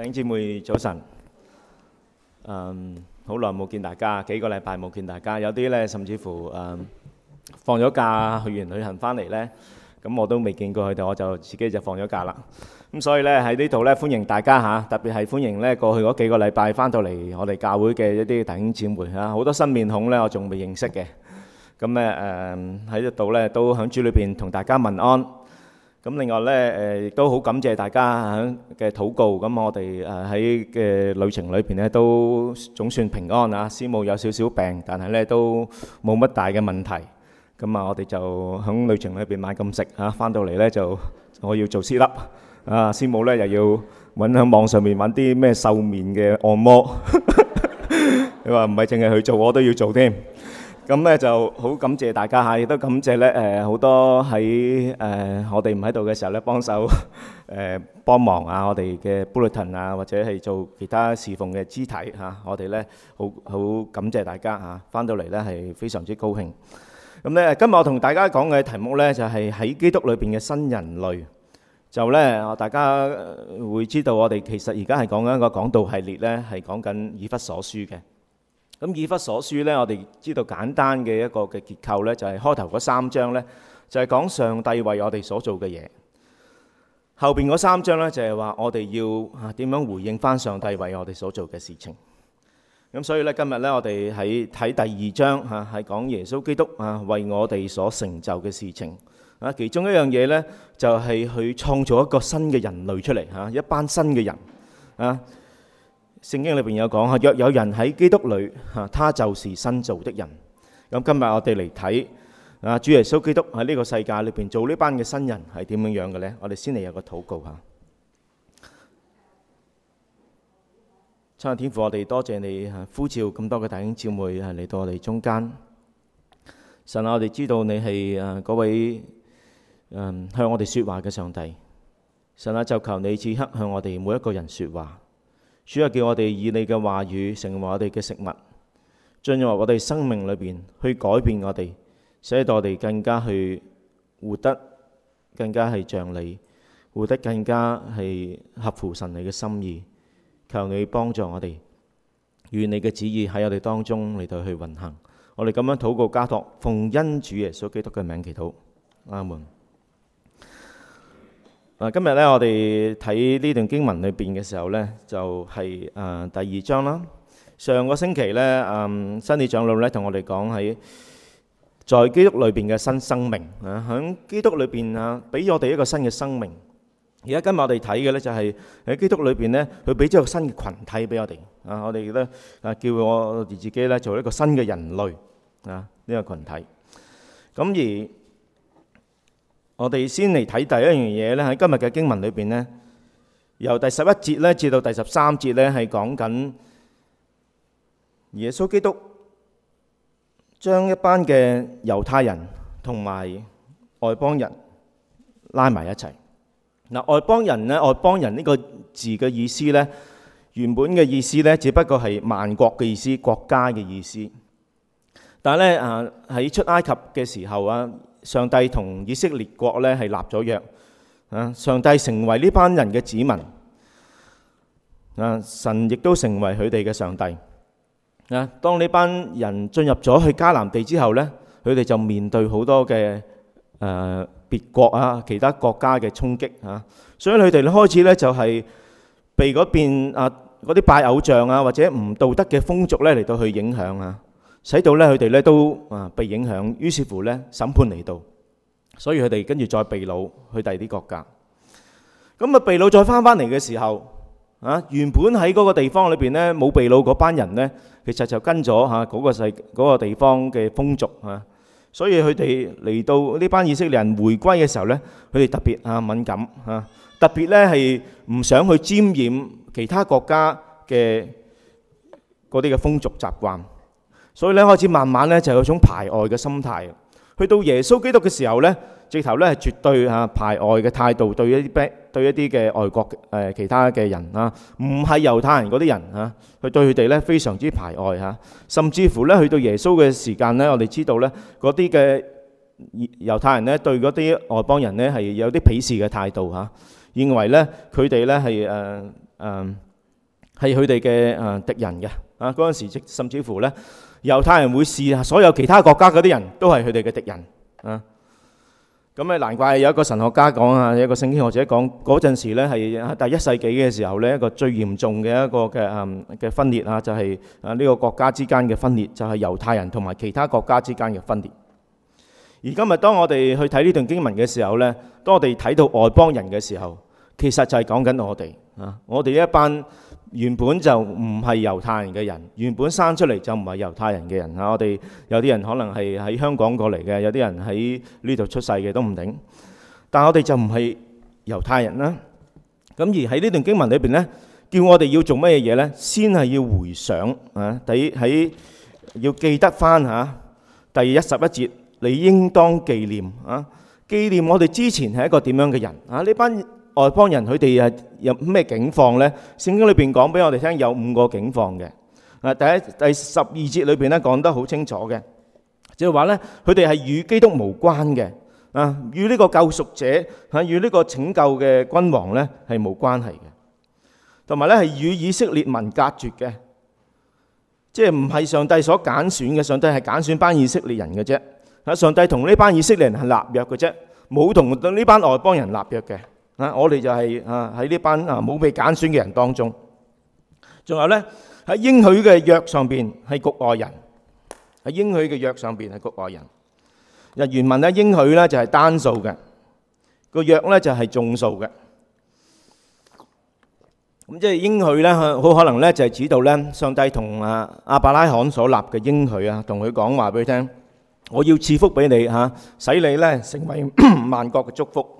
弟兄姊妹早晨，嗯，好耐冇見大家，幾個禮拜冇見大家，有啲咧甚至乎誒放咗假去完旅行翻嚟咧，咁我都未見過佢哋，我就自己就放咗假啦。咁所以咧喺呢度咧歡迎大家吓，特別係歡迎咧過去嗰幾個禮拜翻到嚟我哋教會嘅一啲弟兄姊妹吓，好多新面孔咧我仲未認識嘅。咁咧誒喺呢度咧都響主裏邊同大家問安。咁另外咧，誒亦都好感謝大家響嘅禱告。咁我哋誒喺嘅旅程裏邊咧，都總算平安啊！師母有少少病，但係咧都冇乜大嘅問題。咁啊，我哋就喺旅程裏邊買咁食啊，翻到嚟咧就我要做私粒啊，師母咧又要揾喺網上面揾啲咩瘦面嘅按摩。你話唔係淨係去做，我都要做添。咁咧就好感謝大家嚇，亦都感謝咧誒好多喺誒我哋唔喺度嘅時候咧幫手誒幫忙啊！我哋嘅 bulletin 啊，或者係做其他侍奉嘅肢體嚇，我哋咧好好感謝大家嚇，翻到嚟咧係非常之高興。咁咧今日我同大家講嘅題目咧就係喺基督裏邊嘅新人類，就咧大家會知道我哋其實而家係講緊一個講道系列咧，係講緊以弗所書嘅。咁以弗所書咧，我哋知道簡單嘅一個嘅結構咧，就係開頭嗰三章咧，就係講上帝為我哋所做嘅嘢。後邊嗰三章咧，就係話我哋要嚇點樣回應返上帝為我哋所做嘅事情。咁所以咧，今日咧，我哋喺睇第二章嚇，係講耶穌基督嚇為我哋所成就嘅事情。啊，其中一樣嘢咧，就係去創造一個新嘅人類出嚟嚇，一班新嘅人啊。聖經裏邊有講嚇，若有人喺基督裏，嚇他就是新造的人。咁今日我哋嚟睇啊，主耶穌基督喺呢個世界裏邊做呢班嘅新人係點樣樣嘅咧？我哋先嚟有個禱告嚇。親愛天父，我哋多謝你嚇呼召咁多嘅弟兄姊妹啊嚟到我哋中間。神啊，我哋知道你係啊嗰位嗯向我哋説話嘅上帝。神啊，就求你此刻向我哋每一個人説話。主啊，叫我哋以你嘅話語成為我哋嘅食物，進入我哋生命裏邊去改變我哋，使到我哋更加去活得更加係像你，活得更加係合乎神你嘅心意。求你幫助我哋，願你嘅旨意喺我哋當中嚟到去運行。我哋咁樣禱告，加托奉恩主耶穌基督嘅名祈禱，阿門。嗱，今日咧，我哋睇呢段經文裏邊嘅時候咧，就係誒第二章啦。上個星期咧，誒新嘅長老咧同我哋講喺在基督裏邊嘅新生命啊，響基督裏邊啊，俾我哋一個新嘅生命。而家今日我哋睇嘅咧就係喺基督裏邊咧，佢俾咗一個新嘅羣體俾我哋啊。我哋覺得啊，叫我哋自己咧做一個新嘅人類啊，呢個羣體。咁而我哋先嚟睇第一樣嘢咧，喺今日嘅經文裏邊呢，由第十一節咧至到第十三節咧，係講緊耶穌基督將一班嘅猶太人同埋外邦人拉埋一齊。嗱，外邦人呢，外邦人呢個字嘅意思呢，原本嘅意思呢，只不過係萬國嘅意思、國家嘅意思。但係咧，啊喺出埃及嘅時候啊，上帝同以色列國咧係立咗約啊，上帝成為呢班人嘅子民啊，神亦都成為佢哋嘅上帝啊。當呢班人進入咗去迦南地之後咧，佢哋就面對好多嘅誒別國啊、其他國家嘅衝擊啊，所以佢哋開始咧就係被嗰邊啊嗰啲拜偶像啊或者唔道德嘅風俗咧嚟到去影響啊。使到咧，佢哋咧都啊被影響，於是乎咧審判嚟到，所以佢哋跟住再被擄去第二啲國家。咁啊，被擄再返返嚟嘅時候啊，原本喺嗰個地方裏邊咧冇被擄嗰班人咧，其實就跟咗嚇嗰個世嗰個地方嘅風俗啊，所以佢哋嚟到呢班以色列人回歸嘅時候咧，佢哋特別啊敏感啊，特別咧係唔想去沾染其他國家嘅嗰啲嘅風俗習慣。所以咧，開始慢慢咧，就有種排外嘅心態。去到耶穌基督嘅時候咧，直頭咧係絕對嚇排外嘅態度對，對一啲咩對一啲嘅外國誒、呃、其他嘅人啊，唔係猶太人嗰啲人啊，去對佢哋咧非常之排外嚇、啊。甚至乎咧，去到耶穌嘅時間咧，我哋知道咧，嗰啲嘅猶太人咧對嗰啲外邦人咧係有啲鄙視嘅態度嚇、啊，認為咧佢哋咧係誒誒係佢哋嘅誒敵人嘅啊。嗰陣時甚至乎咧。猶太人會試下所有其他國家嗰啲人都係佢哋嘅敵人啊！咁咧，難怪有一個神學家講啊，有一個聖經學者講嗰陣時咧，係第一世紀嘅時候呢一個最嚴重嘅一個嘅嘅、嗯、分裂啊，就係啊呢個國家之間嘅分裂，就係、是、猶太人同埋其他國家之間嘅分裂。而今日當我哋去睇呢段經文嘅時候呢，當我哋睇到外邦人嘅時候，其實就係講緊我哋啊，我哋一班。原本就唔係猶太人嘅人，原本生出嚟就唔係猶太人嘅人啊！我哋有啲人可能係喺香港過嚟嘅，有啲人喺呢度出世嘅都唔定。但係我哋就唔係猶太人啦。咁而喺呢段經文裏邊呢，叫我哋要做乜嘢嘢呢？先係要回想啊，第喺要記得翻吓第一十一節，你應當記念啊，記念我哋之前係一個點樣嘅人啊？呢班外邦人佢哋係有咩境況咧？聖經裏邊講俾我哋聽，有五個境況嘅。啊，第一第十二節裏邊咧講得好清楚嘅，即係話咧，佢哋係與基督無關嘅啊，與呢個救贖者啊，與呢個拯救嘅君王咧係無關係嘅，同埋咧係與以色列民隔絕嘅，即係唔係上帝所揀選嘅？上帝係揀選班以色列人嘅啫。啊，上帝同呢班以色列人係立約嘅啫，冇同呢班外邦人立約嘅。啊！我哋就係啊，喺呢班啊冇被揀選嘅人當中。仲有咧，喺應許嘅約上邊，係局外人；喺應許嘅約上邊，係局外人。嗱，原文咧，應許咧就係單數嘅，個約咧就係眾數嘅。咁即係應許咧，好可能咧就係指到咧上帝同阿阿伯拉罕所立嘅應許啊，同佢講話俾佢聽，我要賜福俾你嚇，使你咧成為萬國嘅祝福。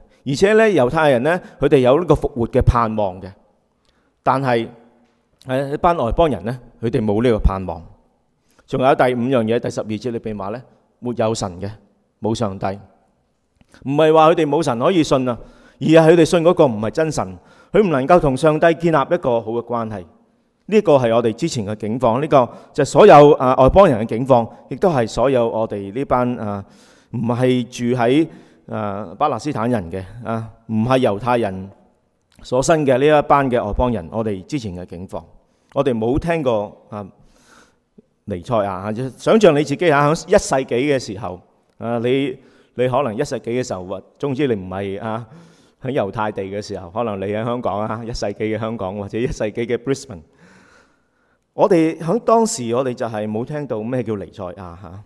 而且咧，猶太人咧，佢哋有呢個復活嘅盼望嘅，但係誒班外邦人咧，佢哋冇呢個盼望。仲有第五樣嘢，第十二節裏便話咧，沒有神嘅，冇上帝。唔係話佢哋冇神可以信啊，而係佢哋信嗰個唔係真神，佢唔能夠同上帝建立一個好嘅關係。呢個係我哋之前嘅景況，呢個就係所有誒外邦人嘅景況，亦都係所有我哋呢班誒唔係住喺誒、啊、巴勒斯坦人嘅啊，唔係猶太人所生嘅呢一班嘅外邦人，我哋之前嘅境況，我哋冇聽過啊彌賽亞啊！想象你自己喺一世紀嘅時候，誒、啊、你你可能一世紀嘅時候，或總之你唔係啊喺猶太地嘅時候，可能你喺香港啊一世紀嘅香港或者一世紀嘅 Brisbane，我哋喺當時我哋就係冇聽到咩叫彌賽亞嚇。啊。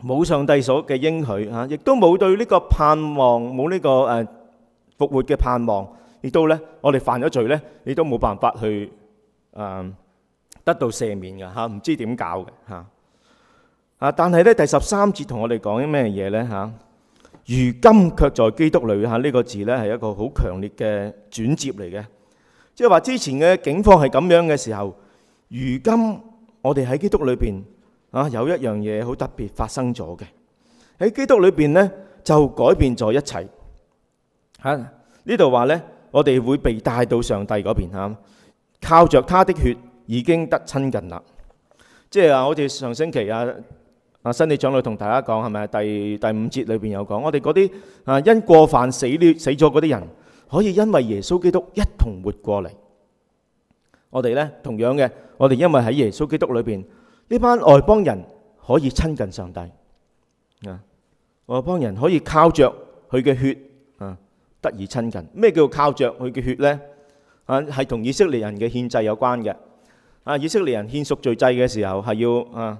冇上帝所嘅應許嚇，亦、啊、都冇對呢個盼望，冇呢、這個誒、呃、復活嘅盼望，亦都咧，我哋犯咗罪咧，你都冇辦法去誒、呃、得到赦免嘅嚇，唔、啊、知點搞嘅嚇。啊！但係咧，第十三節同我哋講啲咩嘢咧嚇？如今卻在基督裏嚇呢個字咧係一個好強烈嘅轉接嚟嘅，即係話之前嘅景況係咁樣嘅時候，如今我哋喺基督裏邊。啊，有一樣嘢好特別發生咗嘅喺基督裏邊呢，就改變咗一切嚇。呢度話呢，我哋會被帶到上帝嗰邊，啊，靠着他的血已經得親近啦。即係啊，我哋上星期啊啊，新李長老同大家講係咪第第五節裏邊有講，我哋嗰啲啊因過犯死咗死咗嗰啲人，可以因為耶穌基督一同活過嚟。我哋呢，同樣嘅，我哋因為喺耶穌基督裏邊。呢班外邦人可以親近上帝，啊，外邦人可以靠着佢嘅血啊得以親近。咩叫靠着佢嘅血呢？啊，係同以色列人嘅獻祭有關嘅。啊，以色列人獻贖罪祭嘅時候係要啊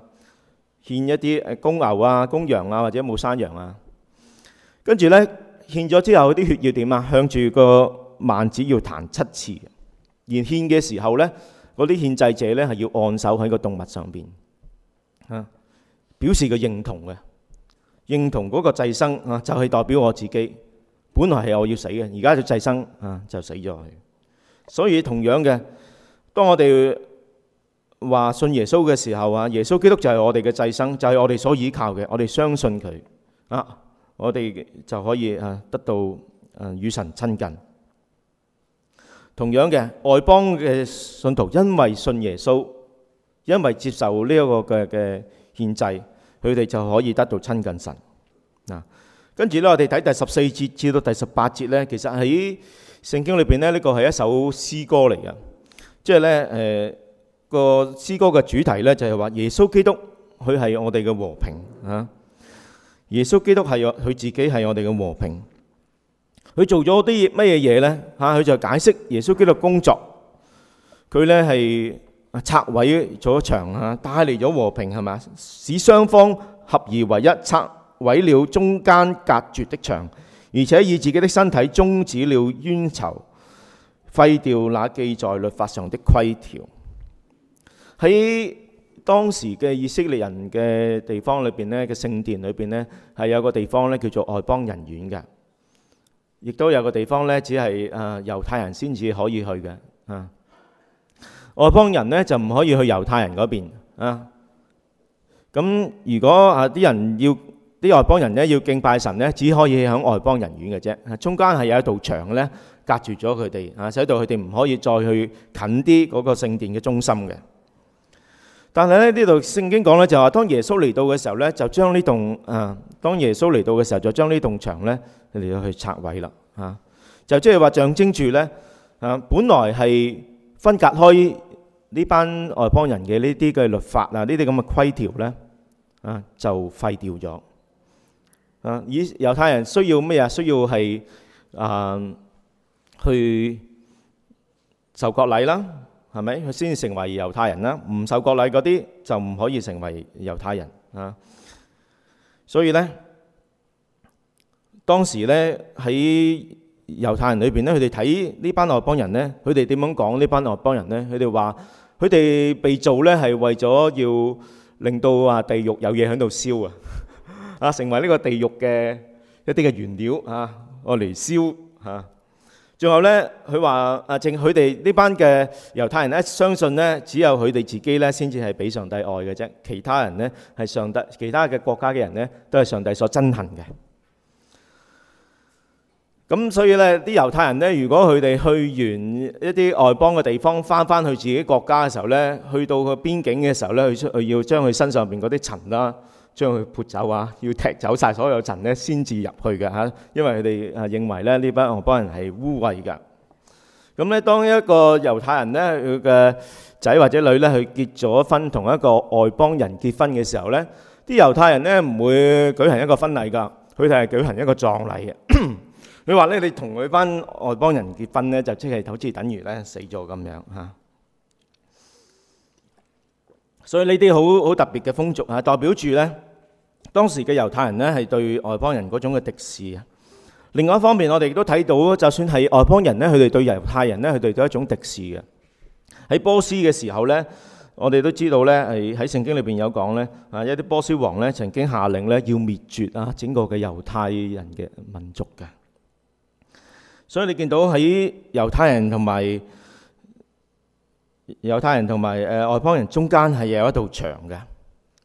獻一啲誒公牛啊、公羊啊或者母山羊啊，跟住呢獻咗之後，啲血要點啊？向住個幔子要彈七次。而獻嘅時候呢，嗰啲獻祭者呢，係要按手喺個動物上邊。啊！表示個認同嘅，認同嗰個祭牲啊，就係代表我自己，本來係我要死嘅，而家就祭牲啊就死咗去。所以同樣嘅，當我哋話信耶穌嘅時候啊，耶穌基督就係我哋嘅祭牲，就係我哋所倚靠嘅，我哋相信佢啊，我哋就可以啊得到啊與神親近。同樣嘅外邦嘅信徒，因為信耶穌。因為接受呢一個嘅嘅獻祭，佢哋就可以得到親近神。嗱，跟住咧，我哋睇第十四節至到第十八節咧，其實喺聖經裏邊咧，呢個係一首詩歌嚟嘅。即係咧，誒個詩歌嘅主題咧就係話耶穌基督佢係我哋嘅和平啊。耶穌基督係我佢自己係我哋嘅和平。佢做咗啲乜嘢嘢咧？吓，佢就解釋耶穌基督工作，佢咧係。拆毀咗牆啊，帶嚟咗和平係嘛？使雙方合而為一，拆毀了中間隔絕的牆，而且以自己的身體終止了冤仇，廢掉那記在律法上的規條。喺當時嘅以色列人嘅地方裏邊咧，嘅聖殿裏邊咧，係有個地方咧叫做外邦人院嘅，亦都有個地方咧，只係啊、呃、猶太人先至可以去嘅啊。嗯外邦人咧就唔可以去猶太人嗰邊啊！咁如果啊啲人要啲外邦人咧要敬拜神咧，只可以喺外邦人院嘅啫。中間係有一道牆嘅咧，隔住咗佢哋啊，使到佢哋唔可以再去近啲嗰個聖殿嘅中心嘅。但係咧呢度聖經講咧就話，當耶穌嚟到嘅時候咧，就將呢棟啊，當耶穌嚟到嘅時候就將呢棟牆咧佢哋要去拆毀啦啊！就即係話象徵住咧啊，本來係。分隔開呢班外邦人嘅呢啲嘅律法啊，呢啲咁嘅規條呢，啊就廢掉咗。啊，以猶太人需要咩啊？需要係啊去受割禮啦，係咪？佢先至成為猶太人啦。唔受割禮嗰啲就唔可以成為猶太人啊。所以呢，當時呢喺猶太人裏邊咧，佢哋睇呢班外邦人咧，佢哋點樣講呢班外邦人咧？佢哋話佢哋被造咧係為咗要令到話地獄有嘢喺度燒啊！啊，成為呢個地獄嘅一啲嘅原料啊，我嚟燒啊！最後咧，佢話啊，正佢哋呢班嘅猶太人咧相信咧，只有佢哋自己咧先至係俾上帝愛嘅啫，其他人咧係上帝其他嘅國家嘅人咧都係上帝所憎恨嘅。咁所以咧，啲猶太人咧，如果佢哋去完一啲外邦嘅地方，翻翻去自己國家嘅時候咧，去到個邊境嘅時候咧，佢出去要將佢身上邊嗰啲塵啦，將佢撥走啊，要踢走晒所有塵咧，先至入去嘅㗎，因為佢哋啊認為咧呢班外邦人係污穢嘅。咁咧，當一個猶太人咧，佢嘅仔或者女咧，佢結咗婚同一個外邦人結婚嘅時候咧，啲猶太人咧唔會舉行一個婚禮㗎，佢哋係舉行一個葬禮嘅。你話咧，你同佢班外邦人結婚咧，就即、是、係好似等於咧死咗咁樣嚇、啊。所以呢啲好好特別嘅風俗啊，代表住咧當時嘅猶太人咧係對外邦人嗰種嘅敵視啊。另外一方面，我哋亦都睇到，就算係外邦人咧，佢哋對猶太人咧，佢哋都係一種敵視嘅。喺波斯嘅時候咧，我哋都知道咧，係喺聖經裏邊有講咧啊，一啲波斯王咧曾經下令咧要滅絕啊整個嘅猶太人嘅民族嘅。所以你見到喺猶太人同埋猶太人同埋誒外邦人中間係有一道牆嘅，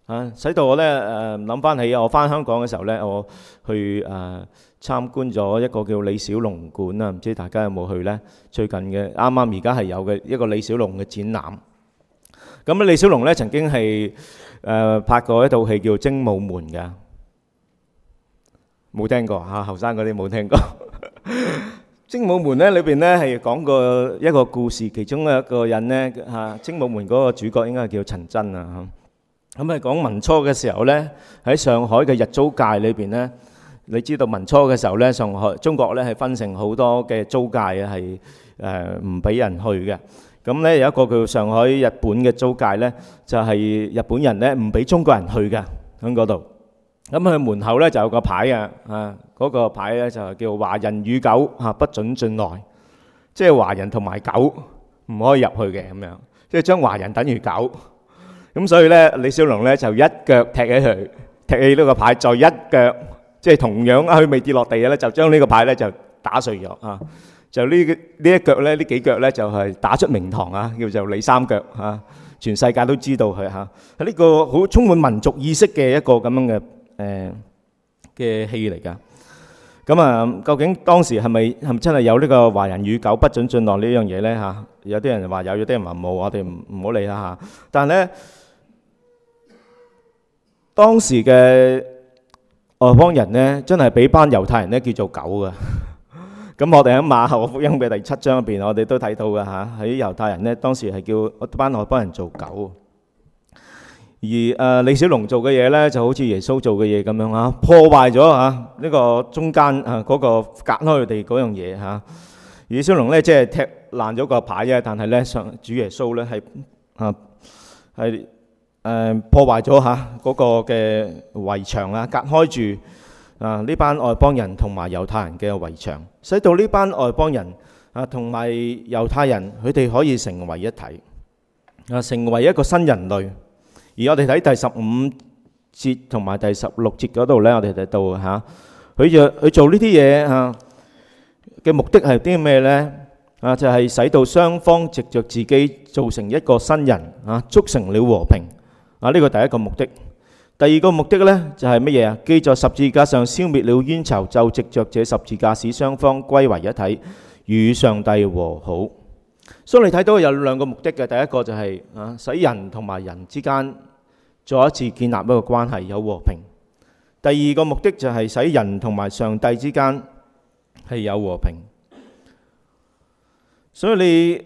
啊，使到我咧誒諗翻起我返香港嘅時候咧，我去誒參觀咗一個叫李小龍館啦，唔知大家有冇去咧？最近嘅啱啱而家係有嘅一個李小龍嘅展覽。咁啊，李小龍咧曾經係誒拍過一套戲叫《精武門》㗎，冇聽過嚇，後生嗰啲冇聽過。《精武門》咧裏邊咧係講過一個故事，其中一個人咧嚇，《精武門》嗰個主角應該係叫陳真啊嚇。咁係講民初嘅時候咧，喺上海嘅日租界裏邊咧，你知道民初嘅時候咧，上海中國咧係分成好多嘅租界嘅，係誒唔俾人去嘅。咁咧有一個叫上海日本嘅租界咧，就係日本人咧唔俾中國人去嘅，喺嗰度。咁佢門口咧就有個牌啊，啊，嗰個牌咧就係叫華人與狗嚇，不准進來，即係華人同埋狗唔可以入去嘅咁樣，即係將華人等於狗。咁所以咧，李小龍咧就一腳踢起佢，踢起呢個牌，再一腳，即係同樣啊，佢未跌落地咧，就將呢個牌咧就打碎咗啊！就呢個呢一腳咧，呢幾腳咧就係打出名堂啊，叫做李三腳啊，全世界都知道佢嚇，喺呢個好充滿民族意識嘅一個咁樣嘅。誒嘅戲嚟噶，咁啊、嗯嗯，究竟當時係咪係咪真係有呢個華人與狗不准進落呢樣嘢咧吓？有啲人就話有，有啲人話冇，我哋唔唔好理啦吓、啊。但係咧，當時嘅外邦人咧，真係俾班猶太人咧叫做狗噶。咁、 嗯、我哋喺馬可福音嘅第七章入邊，我哋都睇到噶吓，喺、啊、猶太人咧，當時係叫一班外邦人做狗。而誒李小龍做嘅嘢呢，就好似耶穌做嘅嘢咁樣嚇，破壞咗嚇呢個中間啊嗰、嗰個隔開佢哋嗰樣嘢嚇。李小龍呢，即係踢爛咗個牌啫，但係呢，上主耶穌呢，係啊係、啊、破壞咗嚇嗰個嘅圍牆啊，隔開住啊呢班外邦人同埋猶太人嘅圍牆，使到呢班外邦人啊同埋猶太人佢哋可以成為一體啊，成為一個新人類。而我哋睇第十五節同埋第十六節嗰度呢，我哋睇到吓，佢就佢做呢啲嘢吓嘅目的係啲咩呢？啊，就係使到雙方藉著自己造成一個新人啊，促成了和平啊，呢個第一個目的。第二個目的呢就係乜嘢啊？既在十字架上消滅了冤仇，就藉著這十字架使雙方歸為一體，與上帝和好。所以你睇到有兩個目的嘅，第一個就係啊，使人同埋人之間。再一次建立一個關係有和平。第二個目的就係使人同埋上帝之間係有和平。所以你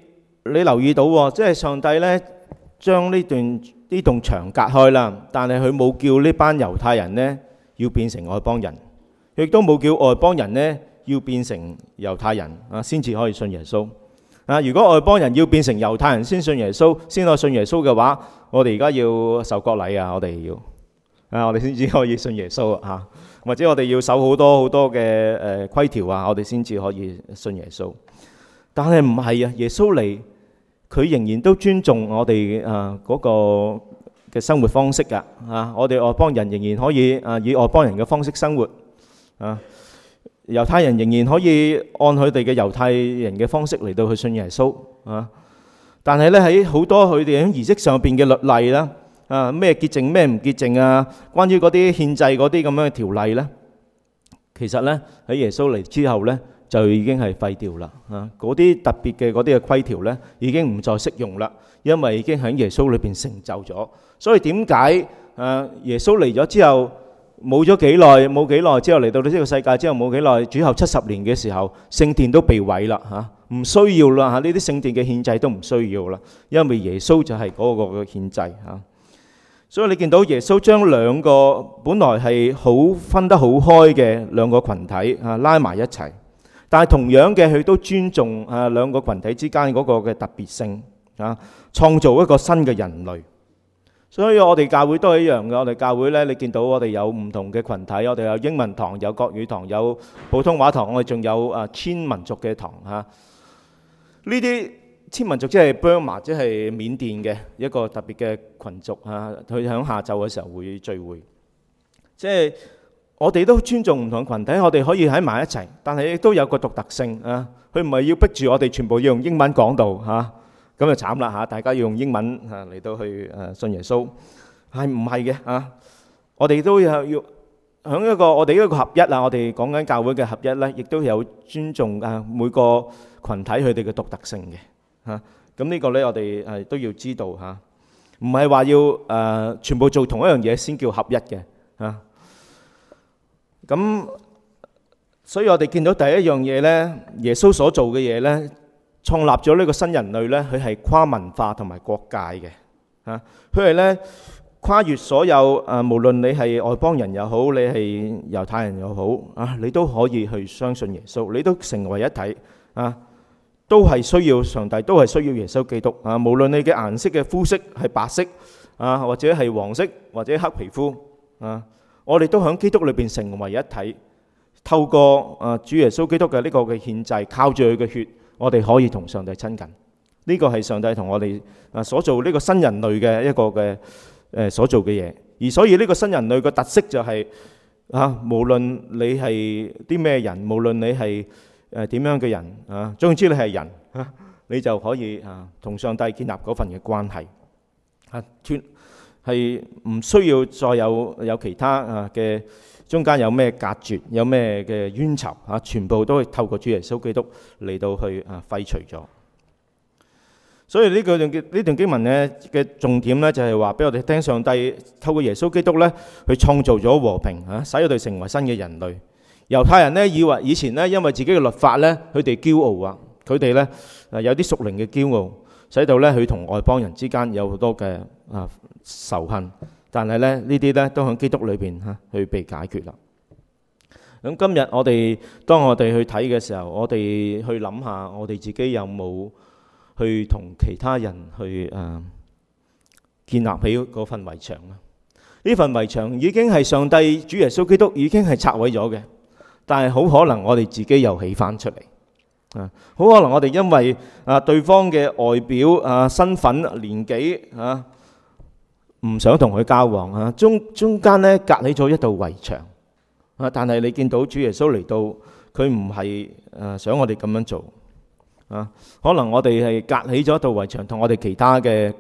你留意到喎，即係上帝呢將呢段呢棟牆隔開啦，但係佢冇叫呢班猶太人呢要變成外邦人，亦都冇叫外邦人呢要變成猶太人啊，先至可以信耶穌。啊，如果外邦人要變成猶太人先信耶穌，先可以信耶穌嘅話。我哋而家要受割禮啊！我哋要啊，我哋先至可以信耶穌啊。或者我哋要守好多好多嘅誒規條啊，我哋先至可以信耶穌。但係唔係啊？耶穌嚟，佢仍然都尊重我哋啊嗰個嘅生活方式㗎啊！我哋外邦人仍然可以啊以外邦人嘅方式生活啊。猶太人仍然可以按佢哋嘅猶太人嘅方式嚟到去信耶穌啊。但係咧喺好多佢哋喺儀式上邊嘅律例啦，啊咩潔淨咩唔潔淨啊，關於嗰啲獻祭嗰啲咁樣嘅條例咧，其實咧喺耶穌嚟之後咧，就已經係廢掉啦。啊，嗰啲特別嘅嗰啲嘅規條咧，已經唔再適用啦，因為已經喺耶穌裏邊成就咗。所以點解啊？耶穌嚟咗之後，冇咗幾耐，冇幾耐之後嚟到呢個世界之後，冇幾耐主後七十年嘅時候，聖殿都被毀啦嚇。唔需要啦嚇，呢啲聖殿嘅限制都唔需要啦，因為耶穌就係嗰個嘅限制嚇。所以你見到耶穌將兩個本來係好分得好開嘅兩個羣體嚇拉埋一齊，但係同樣嘅佢都尊重啊兩個羣體之間嗰個嘅特別性啊，創造一個新嘅人類。所以我哋教會都係一樣嘅。我哋教會咧，你見到我哋有唔同嘅羣體，我哋有英文堂、有國語堂、有普通話堂，我哋仲有啊千民族嘅堂嚇。呢啲千民族即係 Burma，即係緬甸嘅一個特別嘅群族啊，佢響下晝嘅時候會聚會，即係我哋都尊重唔同羣體，我哋可以喺埋一齊，但係亦都有個獨特性啊。佢唔係要逼住我哋全部要用英文講道嚇，咁、啊、就慘啦嚇、啊！大家要用英文嚇嚟到去誒信耶穌係唔係嘅嚇？我哋都有要。要喺一個我哋一個合一啊，我哋講緊教會嘅合一咧，亦都有尊重啊每個羣體佢哋嘅獨特性嘅嚇。咁呢個咧，我哋誒都要知道嚇，唔係話要誒全部做同一樣嘢先叫合一嘅嚇。咁所以我哋見到第一樣嘢咧，耶穌所做嘅嘢咧，創立咗呢個新人類咧，佢係跨文化同埋國界嘅嚇，佢係咧。跨越所有啊，無論你係外邦人又好，你係猶太人又好啊，你都可以去相信耶穌，你都成為一體啊，都係需要上帝，都係需要耶穌基督啊。無論你嘅顏色嘅膚色係白色啊，或者係黃色或者黑皮膚啊，我哋都喺基督裏邊成為一體，透過啊主耶穌基督嘅呢個嘅獻祭，靠住佢嘅血，我哋可以同上帝親近。呢個係上帝同我哋啊所做呢個新人類嘅一個嘅。誒所做嘅嘢，而所以呢個新人類嘅特色就係啊，無論你係啲咩人，無論你係誒點樣嘅人啊，總之你係人啊，你就可以啊，同上帝建立嗰份嘅關係啊，全係唔需要再有有其他啊嘅中間有咩隔絕，有咩嘅冤仇啊，全部都係透過主耶穌基督嚟到去啊廢除咗。所以呢句呢段經文咧嘅重點咧就係話俾我哋聽，上帝透過耶穌基督咧去創造咗和平啊，使佢哋成為新嘅人類。猶太人咧以為以前咧因為自己嘅律法咧，佢哋驕傲啊，佢哋咧有啲屬靈嘅驕傲，使到咧佢同外邦人之間有好多嘅啊仇恨。但係咧呢啲咧都響基督裏邊吓去被解決啦。咁今日我哋當我哋去睇嘅時候，我哋去諗下我哋自己有冇？去同其他人去誒建立起嗰份圍牆啊，呢份圍牆已經係上帝主耶穌基督已經係拆毀咗嘅，但係好可能我哋自己又起翻出嚟。啊，好可能我哋因為啊對方嘅外表啊身份、年紀啊，唔想同佢交往啊，中中間咧隔起咗一道圍牆啊。但係你見到主耶穌嚟到，佢唔係誒想我哋咁樣做。啊，可能我哋係隔起咗一道圍牆，同我哋其他嘅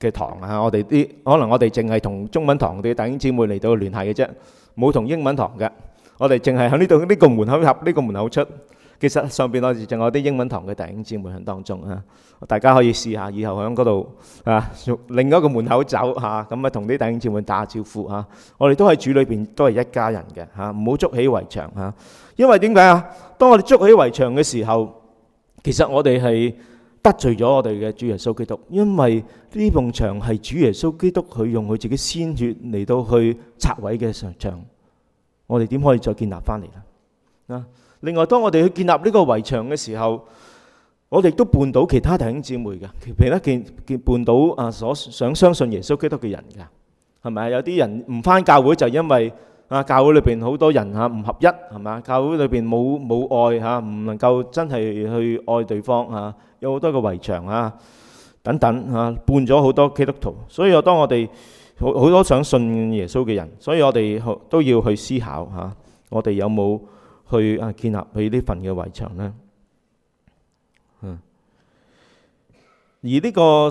嘅堂啊，我哋啲可能我哋淨係同中文堂嘅弟兄姊妹嚟到聯繫嘅啫，冇同英文堂嘅。我哋淨係喺呢度呢個門口入，呢個門口出。其實上邊我哋仲有啲英文堂嘅弟兄姊妹喺當中啊。大家可以試下以後喺嗰度啊，另一個門口走嚇，咁啊同啲弟兄姊妹打下招呼嚇、啊。我哋都喺主裏邊都係一家人嘅嚇，唔、啊、好築起圍牆嚇、啊。因為點解啊？當我哋築起圍牆嘅時候，其實我哋係得罪咗我哋嘅主耶穌基督，因為呢埲牆係主耶穌基督佢用佢自己鮮血嚟到去拆毀嘅牆，我哋點可以再建立翻嚟呢？另外當我哋去建立呢個圍牆嘅時候，我哋都絆倒其他弟兄姊妹嘅，亦都見見絆倒啊所想相信耶穌基督嘅人噶，係咪？有啲人唔翻教會就因為。啊，教會裏邊好多人嚇唔合一係嘛？教會裏邊冇冇愛嚇，唔、啊、能夠真係去愛對方嚇、啊，有好多個圍牆啊等等嚇，絆咗好多基督徒。所以我當我哋好好多想信耶穌嘅人，所以我哋都要去思考嚇、啊，我哋有冇去啊建立佢呢份嘅圍牆咧？嗯、啊，而呢、這個。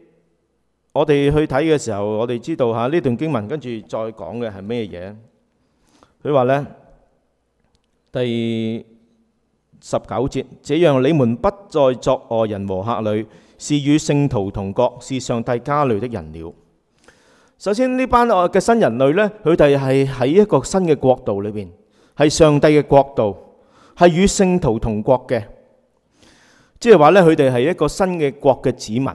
我哋去睇嘅時候，我哋知道吓呢段經文跟住再講嘅係咩嘢？佢話呢，第十九節，這樣你們不再作外人和客旅，是與聖徒同國，是上帝家裏的人了。首先呢班嘅新人類呢，佢哋係喺一個新嘅國度裏邊，係上帝嘅國度，係與聖徒同國嘅，即係話呢，佢哋係一個新嘅國嘅子民。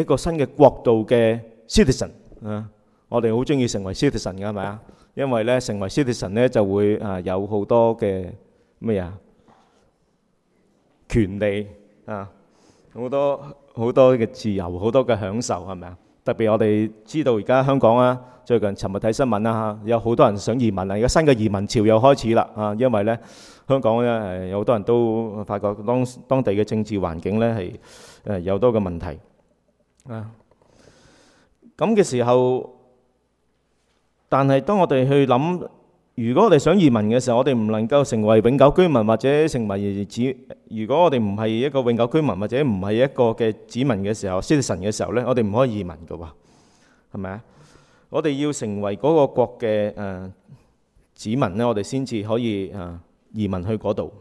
一個新嘅國度嘅 citizen 啊，我哋好中意成為 citizen 嘅係咪啊？因為咧，成為 citizen 咧就會啊有好多嘅咩嘢權利啊，好多好多嘅自由，好多嘅享受係咪啊？特別我哋知道而家香港啊，最近尋日睇新聞啦嚇，有好多人想移民啊，而家新嘅移民潮又開始啦啊！因為咧，香港咧係有好多人都發覺當當地嘅政治環境咧係誒有好多嘅問題。啊！咁嘅時候，但係當我哋去諗，如果我哋想移民嘅時候，我哋唔能夠成為永久居民或者成為子。如果我哋唔係一個永久居民或者唔係一個嘅子民嘅時候，citizen 嘅時候咧，我哋唔可以移民㗎喎，係咪啊？我哋要成為嗰個國嘅誒、呃、子民咧，我哋先至可以誒、呃、移民去嗰度。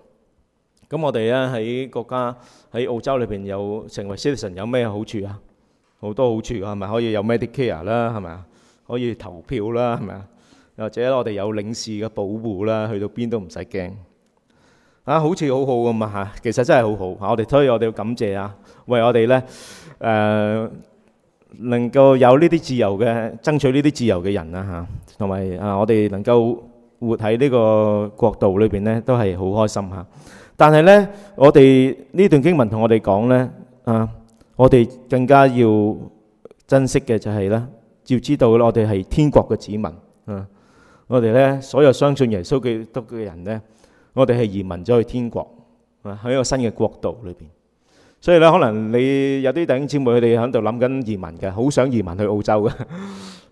咁我哋咧喺國家喺澳洲裏邊有成為 citizen 有咩好處啊？好多好處，係咪可以有 Medicare 啦？係咪啊？可以投票啦？係咪啊？或者我哋有領事嘅保護啦，去到邊都唔使驚。啊，好似好好咁嘛嚇，其實真係好好。我哋推，我哋要感謝啊，為我哋咧誒，能夠有呢啲自由嘅，爭取呢啲自由嘅人啦嚇，同埋啊，我哋能夠活喺呢個國度裏邊咧，都係好開心嚇。但係咧，我哋呢段經文同我哋講咧啊。我哋更加要珍惜嘅就係咧，要知道啦，我哋係天國嘅子民。啊，我哋咧所有相信耶穌基督嘅人咧，我哋係移民咗去天國，喺一個新嘅國度裏邊。所以咧，可能你有啲弟兄姊妹佢哋喺度諗緊移民嘅，好想移民去澳洲嘅。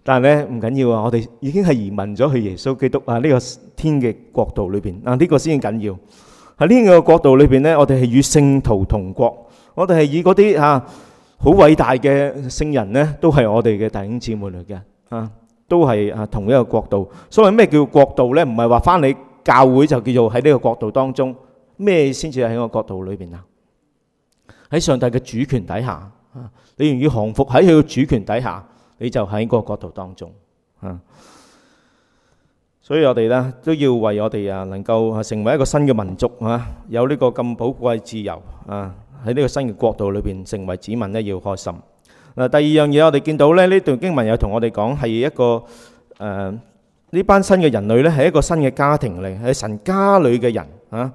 但係咧，唔緊要啊，我哋已經係移民咗去耶穌基督啊呢個天嘅國度裏邊。嗱，呢個先緊要。喺呢個國度裏邊咧，我哋係與聖徒同國。我哋係以嗰啲啊好偉大嘅聖人咧，都係我哋嘅弟兄姊妹嚟嘅啊，都係啊同一個國度。所謂咩叫國度咧？唔係話返嚟教會就叫做喺呢個國度當中咩先至喺個國度裏邊啊？喺上帝嘅主權底下啊，你願意降服喺佢嘅主權底下，你就喺個國度當中啊。所以我哋咧都要為我哋啊能夠啊成為一個新嘅民族啊，有呢個咁寶貴嘅自由啊。喺呢個新嘅國度裏邊，成為子民咧要開心。嗱，第二樣嘢我哋見到咧，呢段經文又同我哋講係一個誒呢班新嘅人類咧，係一個新嘅家庭嚟，係神家裏嘅人啊，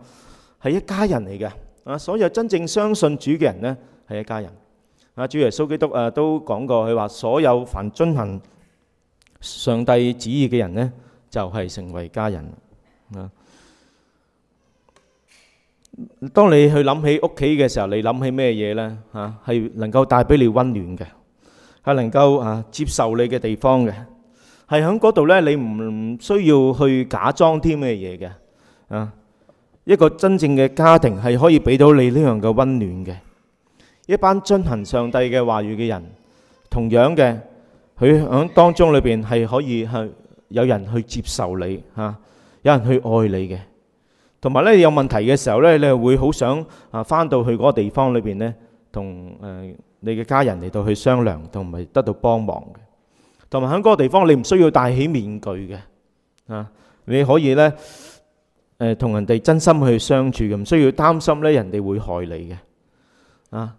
係一家人嚟嘅啊。所有真正相信主嘅人咧，係一家人。啊，主耶穌基督啊都講過，佢話所有凡遵行上帝旨意嘅人咧，就係成為家人啊。當你去諗起屋企嘅時候，你諗起咩嘢呢？吓，係能夠帶俾你溫暖嘅，係能夠啊接受你嘅地方嘅，係喺嗰度呢，你唔需要去假裝啲咩嘢嘅。啊，一個真正嘅家庭係可以俾到你呢樣嘅溫暖嘅，一班遵行上帝嘅話語嘅人，同樣嘅，佢喺當中裏邊係可以去有人去接受你吓，有人去愛你嘅。同埋咧，有問題嘅時候咧，你會好想啊返到去嗰個地方裏邊咧，同誒你嘅家人嚟到去商量，同埋得到幫忙嘅。同埋喺嗰個地方，你唔需要戴起面具嘅啊，你可以咧誒同人哋真心去相處嘅，唔需要擔心咧人哋會害你嘅啊。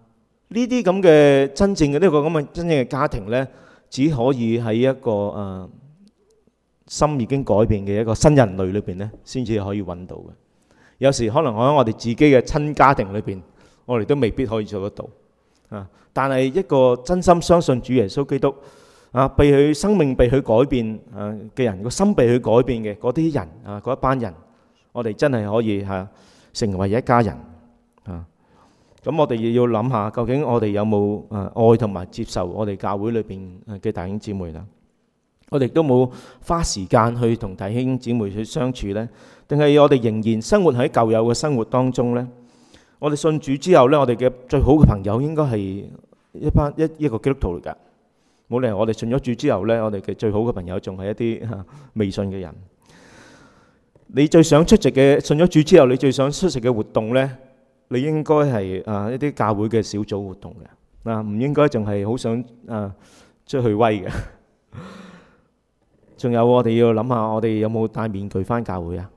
呢啲咁嘅真正嘅呢個咁嘅真正嘅家庭咧，只可以喺一個誒心已經改變嘅一個新人類裏邊咧，先至可以揾到嘅。有時可能我喺我哋自己嘅親家庭裏邊，我哋都未必可以做得到啊。但係一個真心相信主耶穌基督啊，被佢生命被佢改變啊嘅人，個心被佢改變嘅嗰啲人啊，嗰一班人，我哋真係可以嚇成為一家人啊。咁我哋亦要諗下，究竟我哋有冇誒愛同埋接受我哋教會裏邊誒嘅弟兄姊妹啦？我哋都冇花時間去同弟兄姊妹去相處呢？定係我哋仍然生活喺舊有嘅生活當中呢？我哋信主之後呢，我哋嘅最好嘅朋友應該係一班一一個基督徒嚟㗎。冇理我哋信咗主之後呢，我哋嘅最好嘅朋友仲係一啲、啊、未信嘅人。你最想出席嘅信咗主之後，你最想出席嘅活動呢，你應該係啊一啲教會嘅小組活動嘅啊，唔應該仲係好想啊出去威嘅。 仲有我哋要諗下，我哋有冇戴面具返教會啊？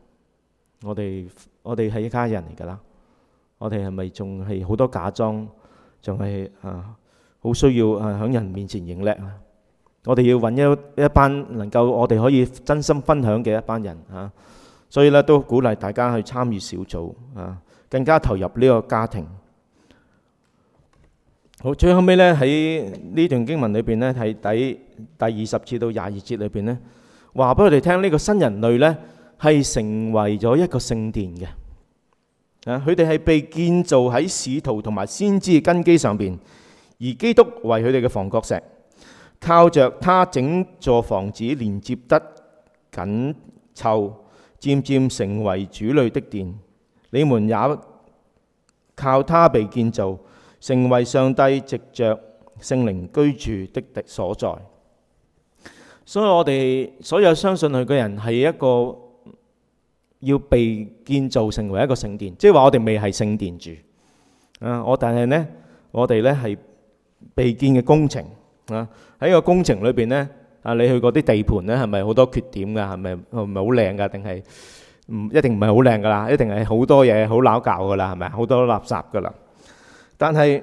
我哋我哋係一家人嚟㗎啦，我哋係咪仲係好多假裝，仲係啊好需要啊喺人面前認叻啊？我哋要揾一一班能夠我哋可以真心分享嘅一班人啊，所以咧都鼓勵大家去參與小組啊，更加投入呢個家庭。好，最後尾咧，喺呢段經文裏邊咧係第第二十節到廿二節裏邊咧話俾我哋聽呢、這個新人類咧係成為咗一個聖殿嘅，佢哋係被建造喺使徒同埋先知根基上邊，而基督為佢哋嘅房角石，靠着他整座房子連接得緊湊，漸漸成為主裡的殿，你們也靠它被建造。成為上帝藉著聖靈居住的地所在，所以我哋所有相信佢嘅人係一個要被建造成為一個聖殿，即係話我哋未係聖殿住啊！我但係呢，我哋呢係被建嘅工程啊！喺個工程裏邊呢啊，你去嗰啲地盤呢，係咪好多缺點㗎？係咪唔係好靚㗎？定係唔一定唔係好靚㗎喇？一定係好多嘢好撈搞㗎喇？係咪好多垃圾㗎喇？但係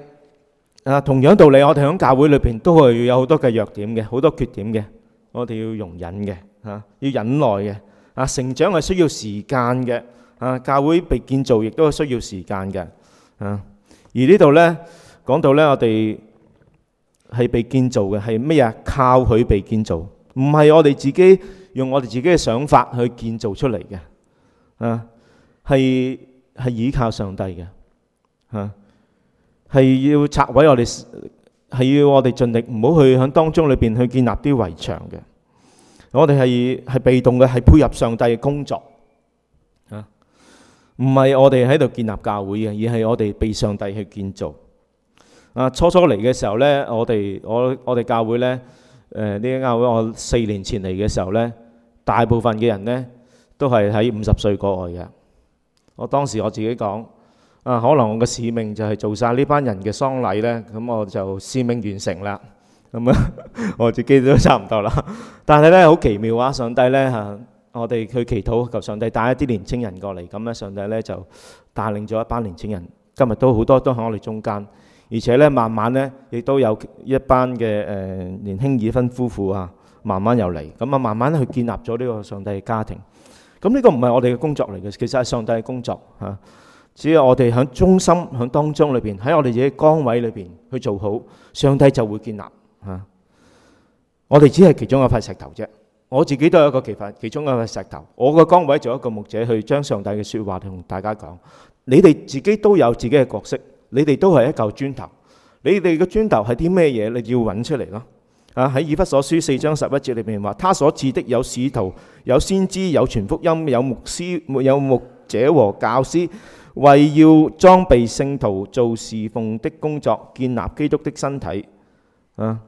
啊，同樣道理，我哋喺教會裏邊都係有好多嘅弱點嘅，好多缺點嘅，我哋要容忍嘅嚇、啊，要忍耐嘅啊。成長係需要時間嘅啊，教會被建造亦都係需要時間嘅啊。而呢度咧講到咧，我哋係被建造嘅係咩啊？靠佢被建造，唔係我哋自己用我哋自己嘅想法去建造出嚟嘅啊，係係依靠上帝嘅啊。係要拆毀我哋，係要我哋盡力唔好去喺當中裏邊去建立啲圍牆嘅。我哋係係被動嘅，係配合上帝嘅工作啊！唔係我哋喺度建立教會嘅，而係我哋被上帝去建造。啊，初初嚟嘅時候呢，我哋我我哋教會呢，誒呢間教會，我四年前嚟嘅時候呢，大部分嘅人呢都係喺五十歲過外嘅。我當時我自己講。啊，可能我嘅使命就係做晒呢班人嘅喪禮呢，咁我就使命完成啦。咁啊，我自己都差唔多啦。 但係呢，好奇妙啊！上帝呢，嚇、啊，我哋去祈禱，求上帝帶一啲年青人過嚟，咁、嗯、咧上帝呢，就帶領咗一班年青人，今日都好多都喺我哋中間，而且呢，慢慢呢，亦都有一班嘅誒年輕已婚夫婦啊，慢慢又嚟，咁、嗯、啊慢慢去建立咗呢個上帝嘅家庭。咁、嗯、呢、呢個唔係我哋嘅工作嚟嘅，其實係上帝嘅工作嚇。啊。.只要我哋喺中心、喺當中裏邊，喺我哋自己崗位裏邊去做好，上帝就會建立嚇、啊。我哋只係其中一塊石頭啫。我自己都有一個其中其中一塊石頭。我個崗位做一個牧者，去將上帝嘅説話同大家講。你哋自己都有自己嘅角色，你哋都係一嚿磚頭。你哋嘅磚頭係啲咩嘢？你要揾出嚟咯。啊，喺以弗所書四章十一節裏面話，他所指的有使徒、有先知、有傳福音、有牧師、有牧者和教師。為要裝備聖徒做侍奉的工作，建立基督的身體，啊，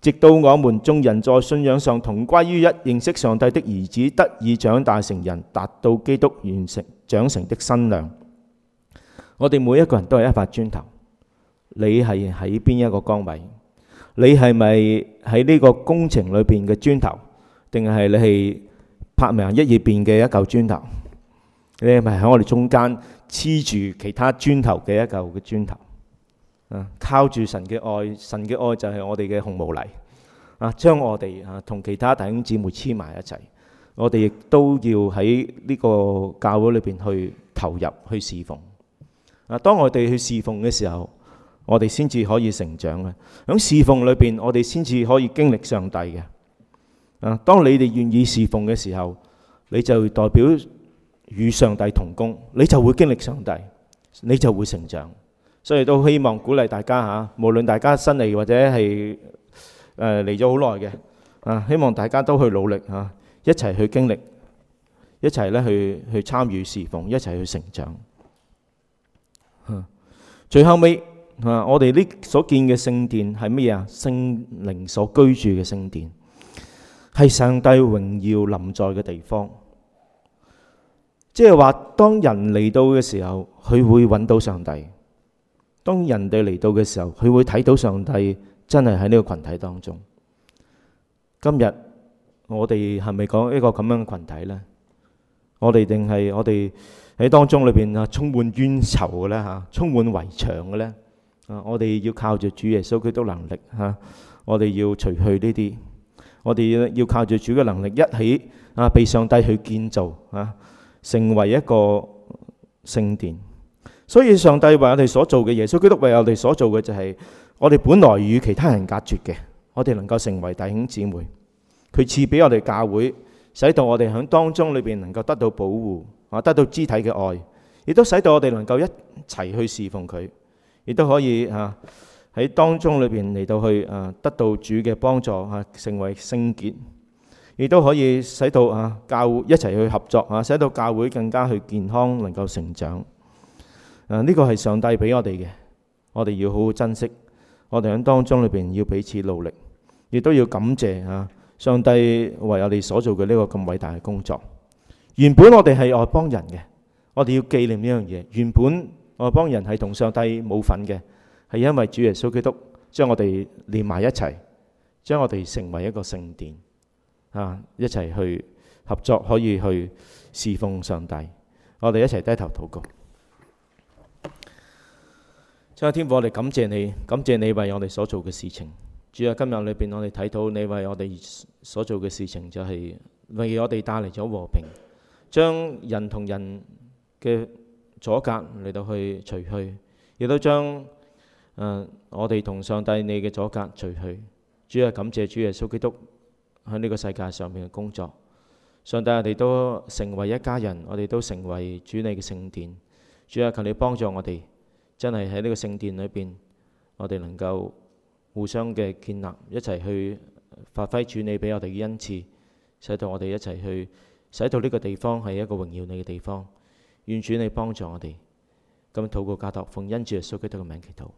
直到我們眾人在信仰上同歸於一，認識上帝的兒子，得以長大成人，達到基督完成長成的新娘。我哋每一個人都係一,一,一,一塊磚頭，你係喺邊一個崗位？你係咪喺呢個工程裏邊嘅磚頭，定係你係拍明一葉變嘅一嚿磚頭？你係咪喺我哋中間？黐住其他磚頭嘅一嚿嘅磚頭，啊，靠住神嘅愛，神嘅愛就係我哋嘅紅毛泥啊，將我哋啊同其他弟兄姊妹黐埋一齊。我哋亦都要喺呢個教會裏邊去投入去侍奉啊。當我哋去侍奉嘅時候，我哋先至可以成長嘅。喺侍奉裏邊，我哋先至可以經歷上帝嘅啊。當你哋願意侍奉嘅時候，你就代表與上帝同工，你就會經歷上帝，你就會成長。所以都希望鼓勵大家嚇，無論大家新嚟或者係誒嚟咗好耐嘅啊，希望大家都去努力嚇，一齊去經歷，一齊咧去去參與事奉，一齊去成長。最後尾啊，我哋呢所見嘅聖殿係咩嘢啊？聖靈所居住嘅聖殿，係上帝榮耀臨在嘅地方。即係話，當人嚟到嘅時候，佢會揾到上帝；當人哋嚟到嘅時候，佢會睇到上帝真係喺呢個群體當中。今日我哋係咪講一個咁樣嘅群體呢？我哋定係我哋喺當中裏邊啊，充滿冤仇嘅呢？吓，充滿圍牆嘅呢？啊？我哋要靠住主耶穌基督能力吓、啊，我哋要除去呢啲，我哋要靠住主嘅能力一起啊，被上帝去建造啊。成為一個聖殿，所以上帝為我哋所做嘅，耶穌基督為我哋所做嘅就係，我哋本來與其他人隔絕嘅，我哋能夠成為弟兄姊妹。佢賜俾我哋教會，使到我哋喺當中裏邊能夠得到保護啊，得到肢體嘅愛，亦都使到我哋能夠一齊去侍奉佢，亦都可以啊喺當中裏邊嚟到去啊得到主嘅幫助啊，成為聖潔。亦都可以使到啊，教會一齊去合作啊，使到教會更加去健康，能夠成長。啊，呢個係上帝俾我哋嘅，我哋要好好珍惜。我哋喺當中裏邊要彼此努力，亦都要感謝啊，上帝為我哋所做嘅呢個咁偉大嘅工作。原本我哋係外邦人嘅，我哋要紀念呢樣嘢。原本外邦人係同上帝冇份嘅，係因為主耶穌基督將我哋連埋一齊，將我哋成為一個聖殿。啊！一齊去合作，可以去侍奉上帝。我哋一齊低頭禱告。真係天父，我哋感謝你，感謝你為我哋所做嘅事情。主啊，今日裏邊我哋睇到你為我哋所做嘅事情，就係為我哋帶嚟咗和平，將人同人嘅阻隔嚟到去除去，亦都將誒、呃、我哋同上帝你嘅阻隔除去。主啊，感謝主耶穌基督。喺呢個世界上面嘅工作，上帝我哋都成為一家人，我哋都成為主你嘅聖殿。主啊，求你幫助我哋，真係喺呢個聖殿裏邊，我哋能夠互相嘅建立，一齊去發揮主你俾我哋嘅恩賜，使到我哋一齊去，使到呢個地方係一個榮耀你嘅地方。願主你幫助我哋，咁禱告，交託奉恩主耶穌基督嘅名祈禱。